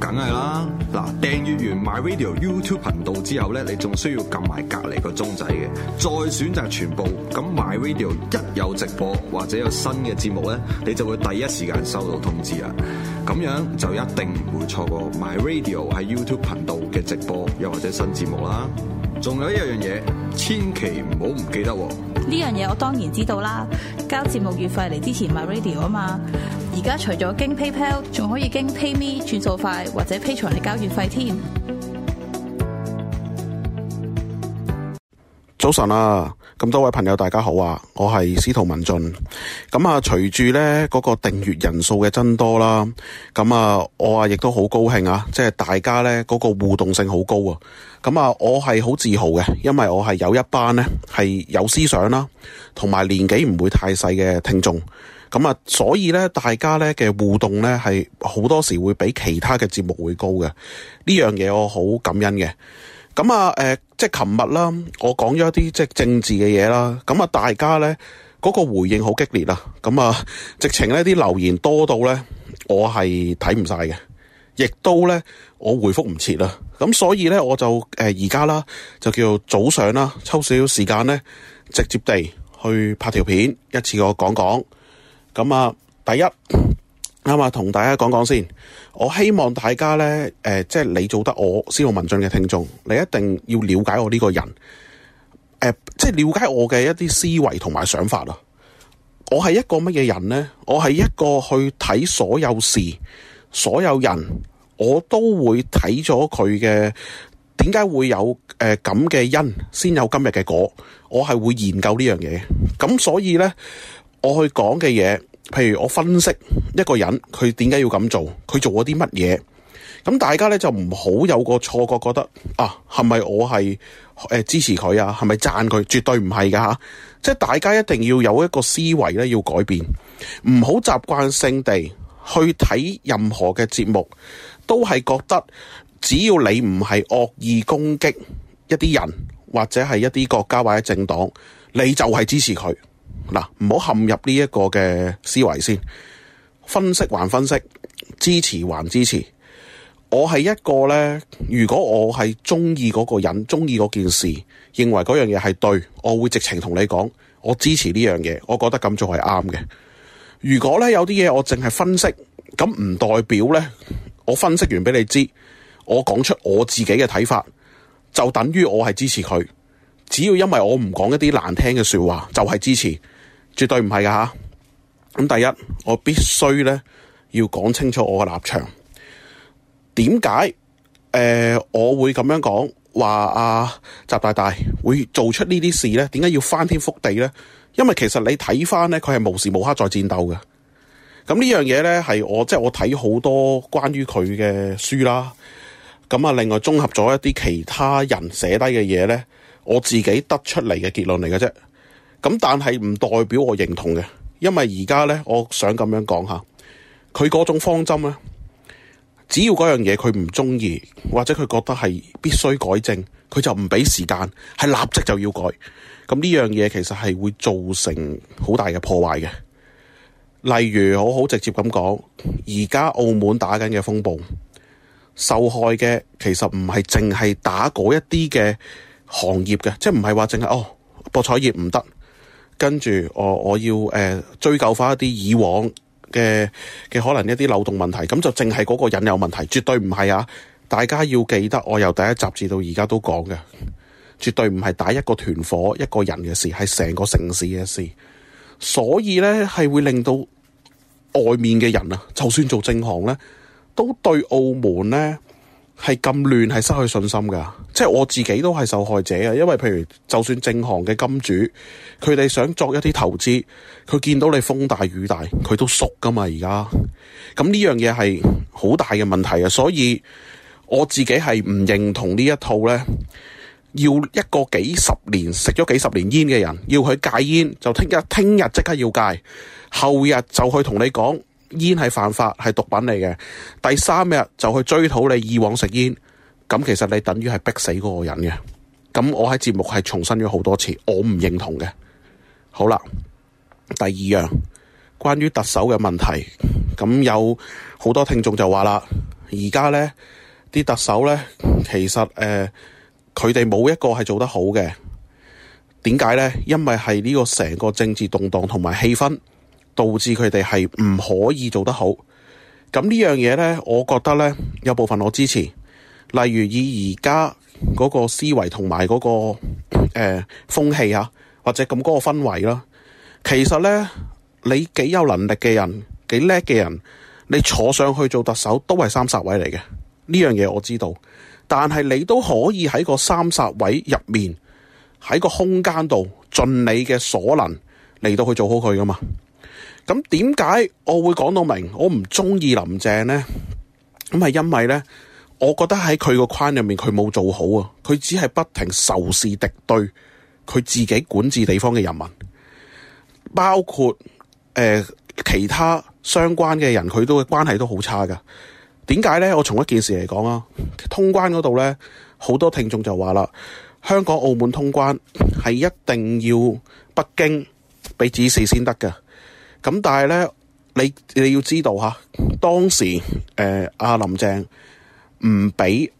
梗係啦，嗱，訂閱完 My Radio YouTube 頻道之後咧，你仲需要撳埋隔籬個鐘仔嘅，再選擇全部，咁 My Radio 一有直播或者有新嘅節目咧，你就會第一時間收到通知啦。咁樣就一定唔會錯過 My Radio 喺 YouTube 頻道嘅直播又或者新節目啦。仲有一樣嘢，千祈唔好唔記得喎。呢樣嘢我當然知道啦，交節目月費嚟之前 My Radio 啊嘛。而家除咗經 PayPal，仲可以經 PayMe 轉數快，或者 Pay 傳嚟，交月費添。早晨啊，咁多位朋友大家好啊，我係司徒文俊。咁啊，隨住呢嗰個訂閱人數嘅增多啦，咁啊，我啊亦都好高興啊，即係大家呢嗰個互動性好高啊。咁啊，我係好自豪嘅，因為我係有一班呢係有思想啦，同埋年紀唔會太細嘅聽眾。咁啊，所以咧，大家咧嘅互動咧，係好多時會比其他嘅節目會高嘅，呢樣嘢，我好感恩嘅。咁啊，誒，即係琴日啦，我講咗一啲即係政治嘅嘢啦。咁啊，大家咧嗰、那個回應好激烈啊。咁、嗯、啊，直情呢啲留言多到咧，我係睇唔晒嘅，亦都咧我回復唔切啦。咁、嗯、所以咧，我就誒而家啦，就叫做早上啦，抽少少時間咧，直接地去拍條片，一次過講講。咁啊，第一啱啊，同、嗯、大家講講先。我希望大家呢，誒、呃，即係你做得我司徒文進嘅聽眾，你一定要了解我呢個人，呃、即係了解我嘅一啲思維同埋想法咯。我係一個乜嘢人呢？我係一個去睇所有事、所有人，我都會睇咗佢嘅點解會有誒咁嘅因，先有今日嘅果。我係會研究呢樣嘢，咁所以呢，我去講嘅嘢。譬如我分析一個人，佢點解要咁做？佢做咗啲乜嘢？咁大家咧就唔好有個錯覺，覺得啊，係咪我係誒支持佢啊？係咪贊佢？絕對唔係㗎吓。即係大家一定要有一個思維咧，要改變，唔好習慣性地去睇任何嘅節目，都係覺得只要你唔係惡意攻擊一啲人或者係一啲國家或者政黨，你就係支持佢。嗱，唔好陷入呢一個嘅思維先，分析還分析，支持還支持。我係一個呢，如果我係中意嗰個人，中意嗰件事，認為嗰樣嘢係對，我會直情同你講，我支持呢樣嘢，我覺得咁做係啱嘅。如果呢，有啲嘢我淨係分析，咁唔代表呢，我分析完俾你知，我講出我自己嘅睇法，就等於我係支持佢。只要因為我唔講一啲難聽嘅說話，就係支持。絕對唔係噶吓，咁、啊、第一，我必須咧要講清楚我嘅立場。點解誒我會咁樣講話啊？習大大會做出呢啲事咧？點解要翻天覆地咧？因為其實你睇翻咧，佢係無時無刻在戰鬥嘅。咁、嗯、呢樣嘢咧，係我即係、就是、我睇好多關於佢嘅書啦。咁啊，另外綜合咗一啲其他人寫低嘅嘢咧，我自己得出嚟嘅結論嚟嘅啫。咁但係唔代表我認同嘅，因為而家咧，我想咁樣講下，佢嗰種方針咧，只要嗰樣嘢佢唔中意，或者佢覺得係必須改正，佢就唔俾時間，係立即就要改。咁呢樣嘢其實係會造成好大嘅破壞嘅。例如，我好直接咁講，而家澳門打緊嘅風暴，受害嘅其實唔係淨係打嗰一啲嘅行業嘅，即係唔係話淨係哦博彩業唔得。跟住我，我要誒、呃、追究翻一啲以往嘅嘅可能一啲漏洞問題，咁就淨係嗰個人有問題，絕對唔係啊！大家要記得，我由第一集至到而家都講嘅，絕對唔係打一個團伙一個人嘅事，係成個城市嘅事，所以呢，係會令到外面嘅人啊，就算做政行呢，都對澳門呢。係咁亂，係失去信心噶。即係我自己都係受害者啊！因為譬如，就算正行嘅金主，佢哋想作一啲投資，佢見到你風大雨大，佢都縮噶嘛。而家咁呢樣嘢係好大嘅問題啊！所以我自己係唔認同呢一套呢。要一個幾十年食咗幾十年煙嘅人，要佢戒煙，就聽日聽日即刻要戒，後日就去同你講。煙係犯法，係毒品嚟嘅。第三日就去追討你以往食煙，咁其實你等於係逼死嗰個人嘅。咁我喺節目係重申咗好多次，我唔認同嘅。好啦，第二樣關於特首嘅問題，咁有好多聽眾就話啦，而家呢啲特首呢，其實誒，佢哋冇一個係做得好嘅。點解呢？因為係呢個成個政治動盪同埋氣氛。導致佢哋係唔可以做得好。咁呢樣嘢呢，我覺得呢，有部分我支持，例如以而家嗰個思維同埋嗰個誒、呃、風氣啊，或者咁嗰個氛圍啦、啊。其實呢，你幾有能力嘅人，幾叻嘅人，你坐上去做特首都係三殺位嚟嘅呢樣嘢。我知道，但係你都可以喺個三殺位入面喺個空間度盡你嘅所能嚟到去做好佢㗎嘛。咁點解我會講到明？我唔中意林鄭呢？咁係因為呢，我覺得喺佢個框入面，佢冇做好啊！佢只係不停仇視敵對，佢自己管治地方嘅人民，包括誒、呃、其他相關嘅人，佢都關係都好差噶。點解呢？我從一件事嚟講啊，通關嗰度呢，好多聽眾就話啦，香港澳門通關係一定要北京俾指示先得噶咁但係咧，你你要知道嚇，當時誒阿、呃、林鄭唔畀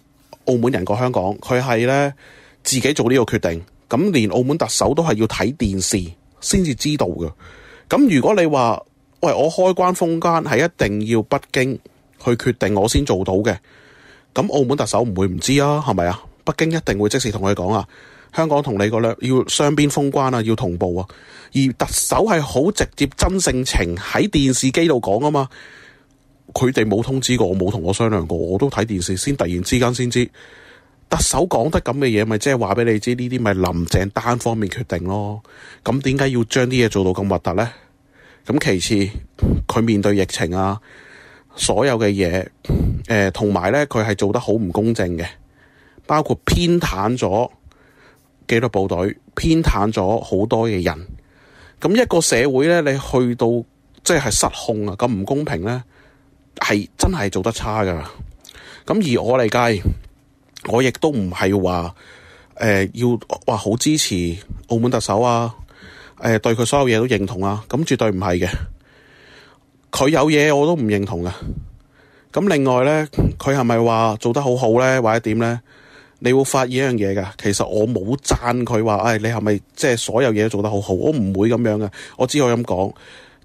澳門人過香港，佢係咧自己做呢個決定。咁連澳門特首都係要睇電視先至知道嘅。咁如果你話喂，我開關封關係一定要北京去決定，我先做到嘅。咁澳門特首唔會唔知啊，係咪啊？北京一定會即時同佢講啊！香港同你個兩要雙邊封關啊，要同步啊。而特首係好直接真性情喺電視機度講啊嘛。佢哋冇通知過，我冇同我商量過，我都睇電視先。突然之間先知特首講得咁嘅嘢，咪即係話俾你知呢啲咪林鄭單方面決定咯。咁點解要將啲嘢做到咁核突呢？咁、嗯、其次佢面對疫情啊，所有嘅嘢誒，同、呃、埋呢，佢係做得好唔公正嘅，包括偏袒咗。紀律部隊偏袒咗好多嘅人，咁一個社會呢，你去到即係失控啊，咁唔公平呢，係真係做得差噶啦。咁而我嚟計，我亦都唔係話誒要話好支持澳門特首啊，誒、呃、對佢所有嘢都認同啊，咁絕對唔係嘅。佢有嘢我都唔認同噶。咁另外呢，佢係咪話做得好好呢，或者點呢？你會發現一樣嘢噶，其實我冇讚佢話，誒、哎，你係咪即係所有嘢都做得好好？我唔會咁樣噶，我只可以咁講，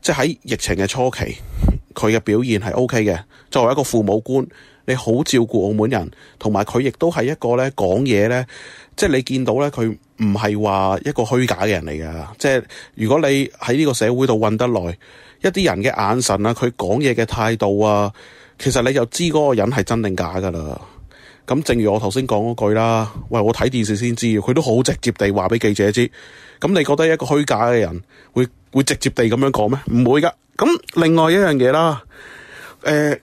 即係喺疫情嘅初期，佢嘅表現係 O K 嘅。作為一個父母官，你好照顧澳門人，同埋佢亦都係一個咧講嘢咧，即係你見到咧，佢唔係話一個虛假嘅人嚟噶。即係如果你喺呢個社會度混得耐，一啲人嘅眼神啊，佢講嘢嘅態度啊，其實你就知嗰個人係真定假噶啦。咁正如我頭先講嗰句啦，喂，我睇電視先知，佢都好直接地話畀記者知。咁你覺得一個虛假嘅人會會直接地咁樣講咩？唔會㗎。咁另外一樣嘢啦，喺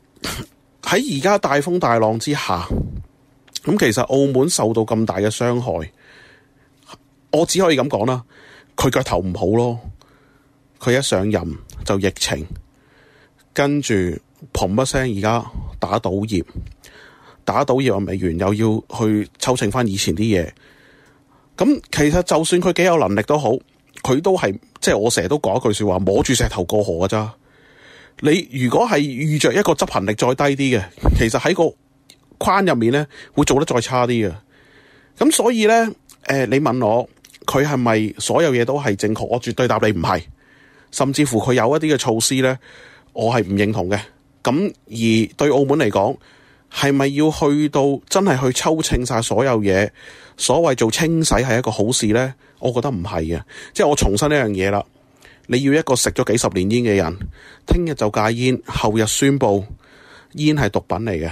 而家大風大浪之下，咁其實澳門受到咁大嘅傷害，我只可以咁講啦，佢腳頭唔好咯，佢一上任就疫情，跟住嘭一聲而家打賭業。打到嘢美元又要去抽秤翻以前啲嘢。咁其實就算佢幾有能力都好，佢都係即係我成日都講一句說話，摸住石頭過河㗎咋。你如果係遇着一個執行力再低啲嘅，其實喺個框入面呢，會做得再差啲嘅。咁所以呢，誒、呃，你問我佢係咪所有嘢都係正確？我絕對答你唔係。甚至乎佢有一啲嘅措施呢，我係唔認同嘅。咁而對澳門嚟講，係咪要去到真係去抽清晒所有嘢？所謂做清洗係一個好事呢，我覺得唔係嘅，即係我重申一樣嘢啦。你要一個食咗幾十年煙嘅人，聽日就戒煙，後日宣布煙係毒品嚟嘅，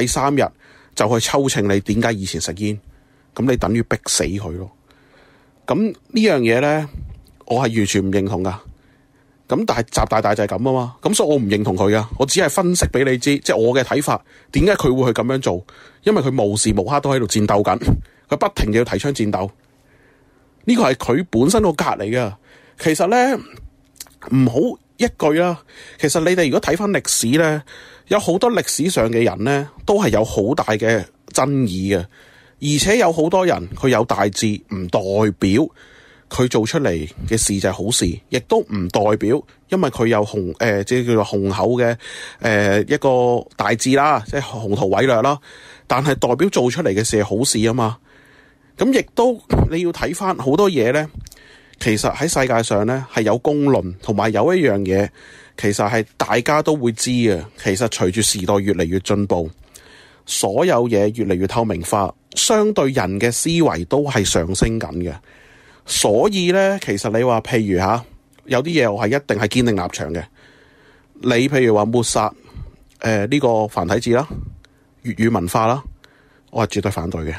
第三日就去抽清你點解以前食煙？咁你等於逼死佢咯。咁呢樣嘢呢，我係完全唔認同噶。咁但係習大大就係咁啊嘛，咁所以我唔認同佢啊，我只係分析俾你知，即係我嘅睇法，點解佢會去咁樣做？因為佢無時無刻都喺度戰鬥緊，佢不停要提倡戰鬥。呢個係佢本身個格嚟嘅。其實呢，唔好一句啊。其實你哋如果睇翻歷史呢，有好多歷史上嘅人呢，都係有好大嘅爭議嘅，而且有好多人佢有大志，唔代表。佢做出嚟嘅事就係好事，亦都唔代表，因為佢有紅誒，即、呃、叫做紅口嘅誒一個大志啦，即係紅圖偉略啦。但係代表做出嚟嘅事係好事啊嘛。咁亦都你要睇翻好多嘢咧，其實喺世界上咧係有公論，同埋有，有一樣嘢，其實係大家都會知啊。其實隨住時代越嚟越進步，所有嘢越嚟越透明化，相對人嘅思維都係上升緊嘅。所以呢，其實你話譬如嚇，有啲嘢我係一定係堅定立場嘅。你譬如話抹殺誒呢、呃呢個繁體字啦、粵語文化啦，我係絕對反對嘅。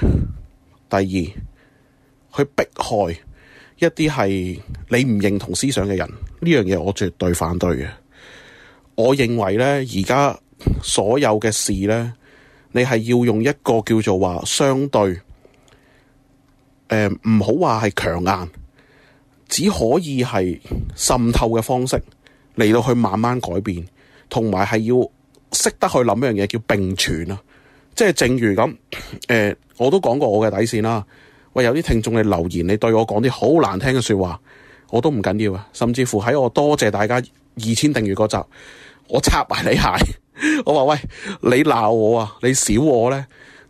第二，去迫害一啲係你唔認同思想嘅人，呢樣嘢我絕對反對嘅。我認為呢，而家所有嘅事呢，你係要用一個叫做話相對。誒，唔好話係強硬，只可以係滲透嘅方式嚟到去慢慢改變，同埋係要識得去諗一樣嘢，叫並存啊。即係正如咁，誒、呃，我都講過我嘅底線啦。喂，有啲聽眾嘅留言，你對我講啲好難聽嘅說話，我都唔緊要啊。甚至乎喺我多謝大家二千訂閱嗰集，我插埋你鞋， 我話喂，你鬧我啊，你小我咧，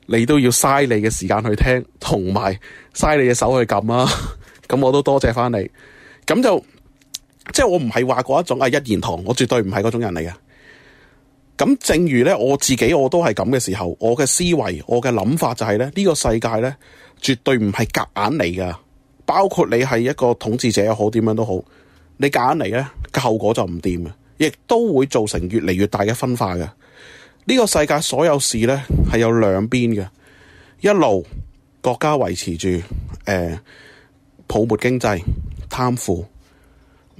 你都要嘥你嘅時間去聽，同埋。嘥你嘅手去撳啊！咁 我都多謝翻你。咁就即係我唔係話嗰一種啊一言堂，我絕對唔係嗰種人嚟嘅。咁正如呢，我自己我都係咁嘅時候，我嘅思維、我嘅諗法就係呢：呢、呢個世界呢，絕對唔係夾硬嚟㗎。包括你係一個統治者又好，點樣都好，你夾硬嚟呢，後果就唔掂，亦都會造成越嚟越大嘅分化嘅。呢、呢個世界所有事呢，係有兩邊嘅，一路。國家維持住，誒、呃、泡沫經濟、貪腐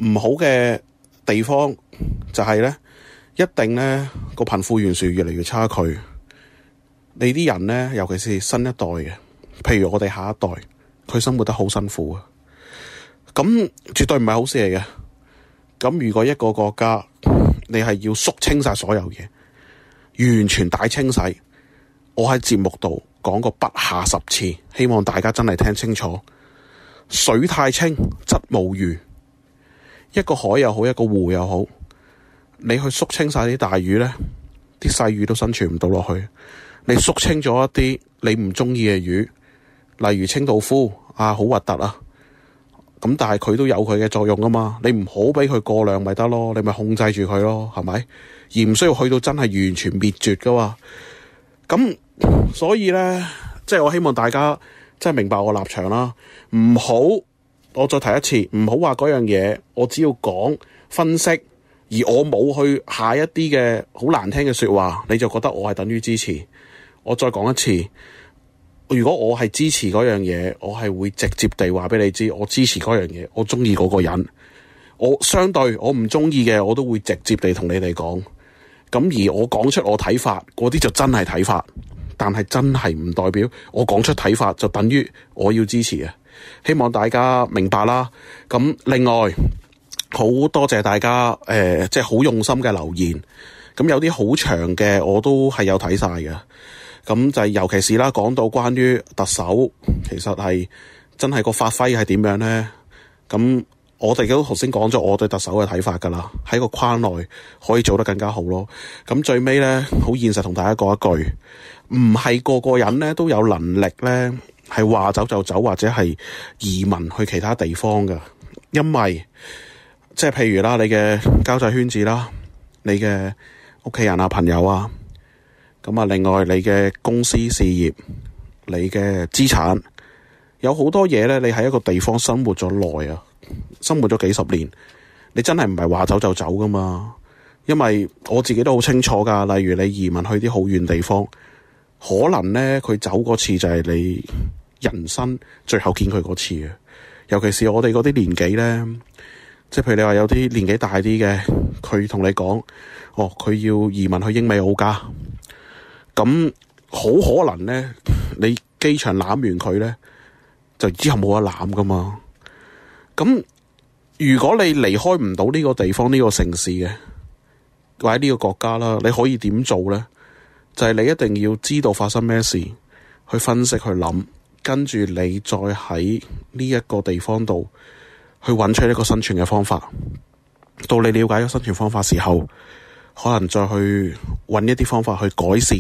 唔好嘅地方就係咧，一定咧個貧富懸殊越嚟越差距。你啲人咧，尤其是新一代嘅，譬如我哋下一代，佢生活得好辛苦啊！咁絕對唔係好事嚟嘅。咁如果一個國家你係要肅清晒所有嘢，完全大清洗，我喺節目度，講個不下十次，希望大家真係聽清楚。水太清則無魚，一個海又好，一個湖又好，你去肅清晒啲大魚呢，啲細魚都生存唔到落去。你肅清咗一啲你唔中意嘅魚，例如清道夫啊，好核突啊。咁但係佢都有佢嘅作用㗎嘛，你唔好畀佢過量咪得咯，你咪控制住佢咯，係咪？而唔需要去到真係完全滅絕噶嘛、啊。咁所以呢，即係我希望大家即係明白我立場啦。唔好我再提一次，唔好話嗰樣嘢。我只要講分析，而我冇去下一啲嘅好難聽嘅說話，你就覺得我係等於支持。我再講一次，如果我係支持嗰樣嘢，我係會直接地話俾你知，我支持嗰樣嘢，我中意嗰個人。我相對我唔中意嘅，我都會直接地同你哋講。咁而我講出我睇法，嗰啲就真係睇法。但係真係唔代表我講出睇法就等於我要支持啊！希望大家明白啦。咁另外好多謝大家誒，即係好用心嘅留言。咁有啲好長嘅我都係有睇晒嘅。咁就係尤其是啦，講到關於特首，其實係真係個發揮係點樣呢？咁我哋都頭先講咗我對特首嘅睇法噶啦，喺個框內可以做得更加好咯。咁最尾呢，好現實同大家講一句。唔係個個人咧都有能力咧，係話走就走，或者係移民去其他地方噶。因為即係譬如啦，你嘅交際圈子啦，你嘅屋企人啊、朋友啊，咁啊，另外你嘅公司事業、你嘅資產，有好多嘢咧。你喺一個地方生活咗耐啊，生活咗幾十年，你真係唔係話走就走噶嘛。因為我自己都好清楚噶，例如你移民去啲好遠地方。可能呢，佢走嗰次就係你人生最後見佢嗰次，尤其是我哋嗰啲年紀呢。即係譬如你話有啲年紀大啲嘅，佢同你講，哦，佢要移民去英美澳加。咁好可能呢，你機場攬完佢呢，就之後冇得攬噶嘛。咁如果你離開唔到呢個地方、呢個城市嘅，或者呢個國家啦，你可以點做呢？就係你一定要知道發生咩事，去分析，去諗，跟住你再喺呢一個地方度去揾出一個生存嘅方法。到你了解一個生存方法時候，可能再去揾一啲方法去改善，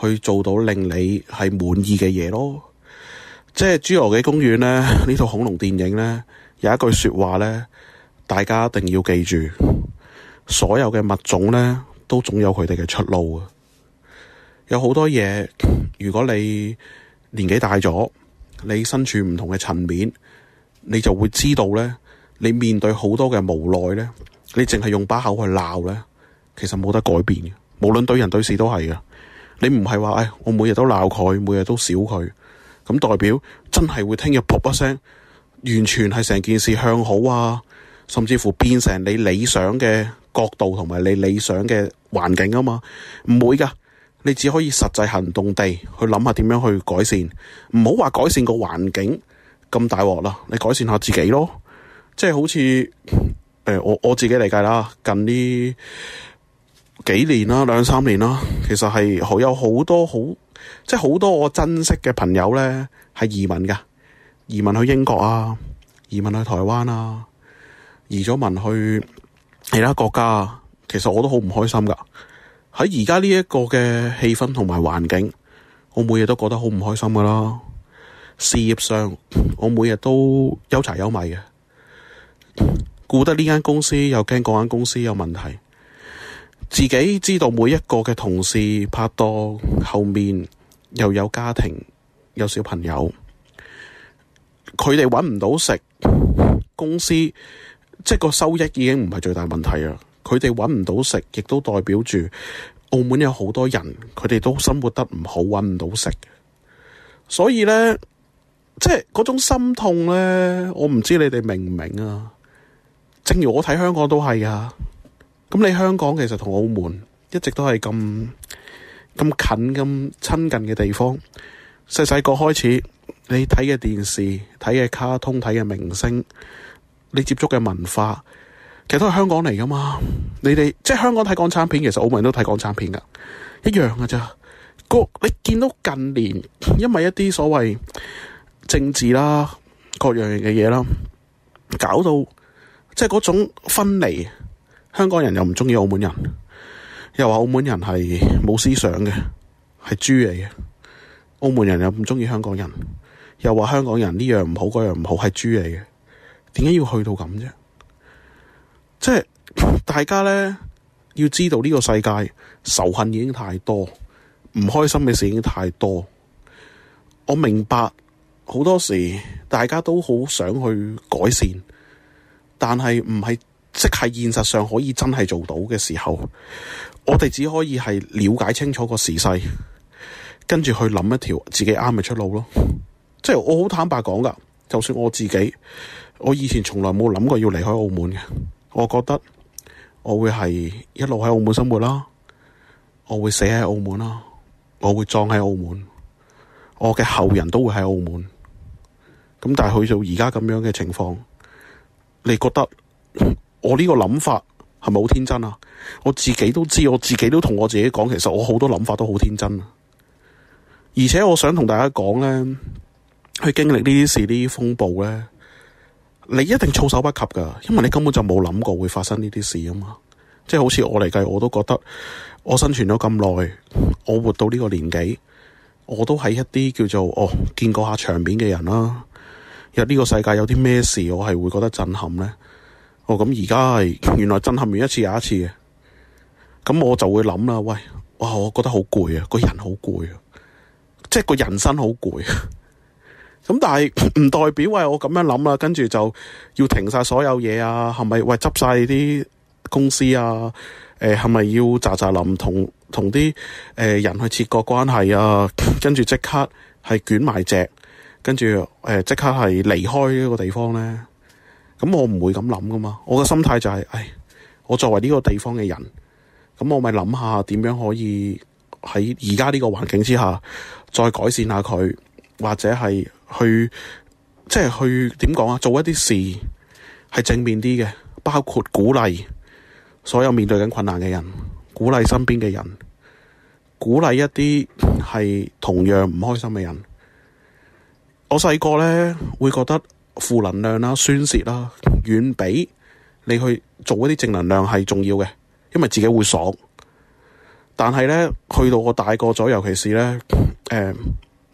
去做到令你係滿意嘅嘢咯。即係侏羅紀公園呢，呢套恐龍電影呢，有一句說話呢，大家一定要記住，所有嘅物種呢，都總有佢哋嘅出路有好多嘢，如果你年紀大咗，你身處唔同嘅層面，你就會知道咧。你面對好多嘅無奈咧，你淨係用把口去鬧咧，其實冇得改變嘅。無論對人對事都係嘅。你唔係話誒，我每日都鬧佢，每日都笑佢咁，代表真係會聽日扑一聲，完全係成件事向好啊，甚至乎變成你理想嘅角度同埋你理想嘅環境啊嘛，唔會㗎。你只可以實際行動地去諗下點樣去改善，唔好話改善個環境咁大鑊啦。你改善下自己咯，即係好似誒、欸，我我自己嚟計啦，近呢幾年啦，兩三年啦，其實係好有好多好，即係好多我珍惜嘅朋友咧，係移民噶，移民去英國啊，移民去台灣啊，移咗民去其他國家啊，其實我都好唔開心噶。喺而家呢一個嘅氣氛同埋環境，我每日都覺得好唔開心㗎啦。事業上，我每日都憂柴憂米嘅，顧得呢間公司又驚嗰間公司有問題。自己知道每一個嘅同事拍檔後面又有家庭，有小朋友，佢哋搵唔到食，公司即係個收益已經唔係最大問題啦。佢哋揾唔到食，亦都代表住澳門有好多人，佢哋都生活得唔好，揾唔到食。所以呢，即係嗰種心痛呢，我唔知你哋明唔明啊？正如我睇香港都係啊，咁你香港其實同澳門一直都係咁咁近，咁親近嘅地方。細細個開始，你睇嘅電視、睇嘅卡通、睇嘅明星，你接觸嘅文化。其實都係香港嚟噶嘛？你哋即係香港睇港產片，其實澳門人都睇港產片噶，一樣噶咋？個你見到近年，因為一啲所謂政治啦，各樣嘅嘢啦，搞到即係嗰種分離，香港人又唔鍾意澳門人，又話澳門人係冇思想嘅，係豬嚟嘅。澳門人又唔鍾意香港人，又話香港人呢樣唔好，嗰樣唔好，係豬嚟嘅。點解要去到咁啫？即係大家咧，要知道呢個世界，仇恨已經太多，唔開心嘅事已經太多。我明白，好多時，大家都好想去改善，但係唔係即係現實上可以真係做到嘅時候，我哋只可以係了解清楚個時勢，跟住去諗一條自己啱嘅出路咯。即係我好坦白講噶，就算我自己，我以前從來冇諗過要離開澳門嘅。我覺得我會係一路喺澳門生活啦、啊，我會死喺澳門啦、啊，我會葬喺澳門，我嘅後人都會喺澳門。咁但係去到而家咁樣嘅情況，你覺得我呢個諗法係咪好天真啊？我自己都知，我自己都同我自己講，其實我好多諗法都好天真啊。而且我想同大家講咧，去經歷呢啲事、呢啲風暴咧。你一定措手不及噶，因為你根本就冇諗過會發生呢啲事啊嘛！即係好似我嚟計，我都覺得我生存咗咁耐，我活到呢個年紀，我都係一啲叫做哦見過下場面嘅人啦、啊。有、這、呢個世界有啲咩事，我係會覺得震撼咧。哦，咁而家係原來震撼完一次又一次嘅，咁我就會諗啦。喂，哇、哦，我覺得好攰啊，個人好攰啊，即係個人生好攰啊。咁但係唔 代表喂，我咁樣諗啦，跟住就要停晒所有嘢啊？係咪喂執晒啲公司啊？誒、呃，係咪要咋咋淋同同啲誒、呃、人去切割關係啊？跟住即刻係捲埋隻，跟住誒即刻係離開呢個地方咧？咁、嗯、我唔會咁諗噶嘛。我嘅心態就係、是、誒，我作為呢個地方嘅人，咁、嗯、我咪諗下點樣可以喺而家呢個環境之下再改善下佢，或者係。去即係去點講啊？做一啲事係正面啲嘅，包括鼓勵所有面對緊困難嘅人，鼓勵身邊嘅人，鼓勵一啲係同樣唔開心嘅人。我細個咧會覺得負能量啦、啊、宣泄啦、啊，遠比你去做一啲正能量係重要嘅，因為自己會爽。但係咧去到我大個咗，尤其是咧誒、呃，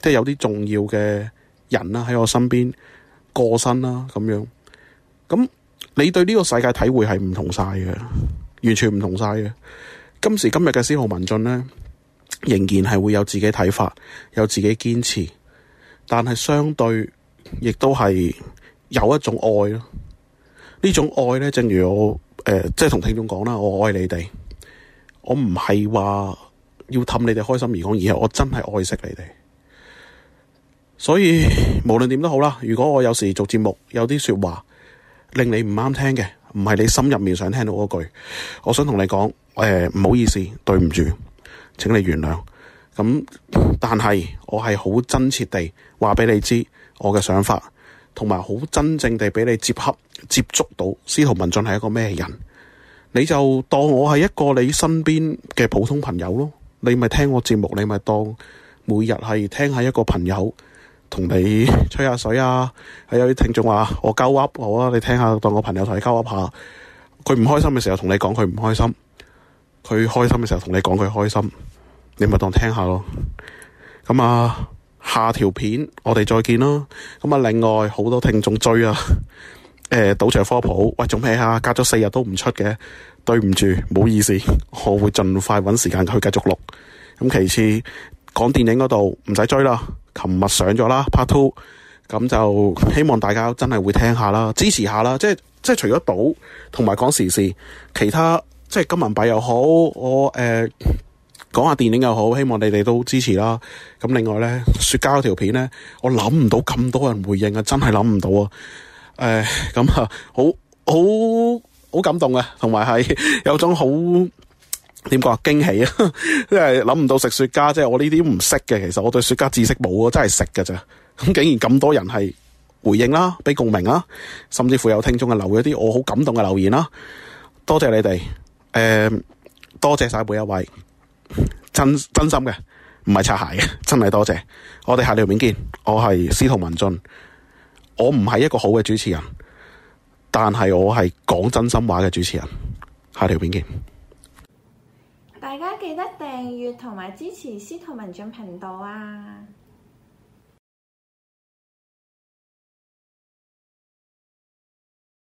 即係有啲重要嘅。人啦、啊、喺我身邊過身啦、啊、咁樣，咁你對呢個世界體會係唔同晒嘅，完全唔同晒嘅。今時今日嘅司徒文進咧，仍然係會有自己睇法，有自己堅持，但係相對亦都係有一種愛咯。呢種愛咧，正如我誒，即係同聽眾講啦，我愛你哋，我唔係話要氹你哋開心而講，而係我真係愛惜你哋。所以無論點都好啦。如果我有時做節目有啲說話令你唔啱聽嘅，唔係你心入面想聽到嗰句，我想同你講誒，唔好意思，對唔住，請你原諒。咁、嗯、但係我係好真切地話畀你知我嘅想法，同埋好真正地畀你接合接觸到司徒文進係一個咩人，你就當我係一個你身邊嘅普通朋友咯。你咪聽我節目，你咪當每日係聽下一個朋友。同你吹下水啊！有啲聽眾話我鳩 up 好啊。你聽下當我朋友同你鳩 up 下。佢唔開心嘅時候同你講佢唔開心，佢開心嘅時候同你講佢開心，你咪當聽下咯。咁啊，下條片我哋再見啦。咁啊，另外好多聽眾追啊，誒、 欸，賭場科普喂做咩啊？隔咗四日都唔出嘅，對唔住，唔好意思，我會盡快搵時間去繼續錄。咁其次講電影嗰度唔使追啦。琴日上咗啦，part two，咁就希望大家真係會聽下啦，支持下啦，即係即係除咗賭同埋講時事，其他即係金文幣又好，我誒講、呃、下電影又好，希望你哋都支持啦。咁另外咧，雪膠條片咧，我諗唔到咁多人回應啊，真係諗唔到啊。誒、呃，咁吓，好好好感動啊，同埋係有，有種好。點講驚喜啊！即係諗唔到食雪茄，即係我呢啲唔識嘅。其實我對雪茄知識冇啊，真係食㗎咋。咁 竟然咁多人係回應啦，俾共鳴啦，甚至乎有聽眾啊留咗啲我好感動嘅留言啦。多謝你哋，誒、呃，多謝晒每一位，真真心嘅，唔係擦鞋嘅，真係多謝。我哋下條片見，我係司徒文進，我唔係一個好嘅主持人，但係我係講真心話嘅主持人。下條片見。大家記得訂閱同埋支持司徒文進頻道啊！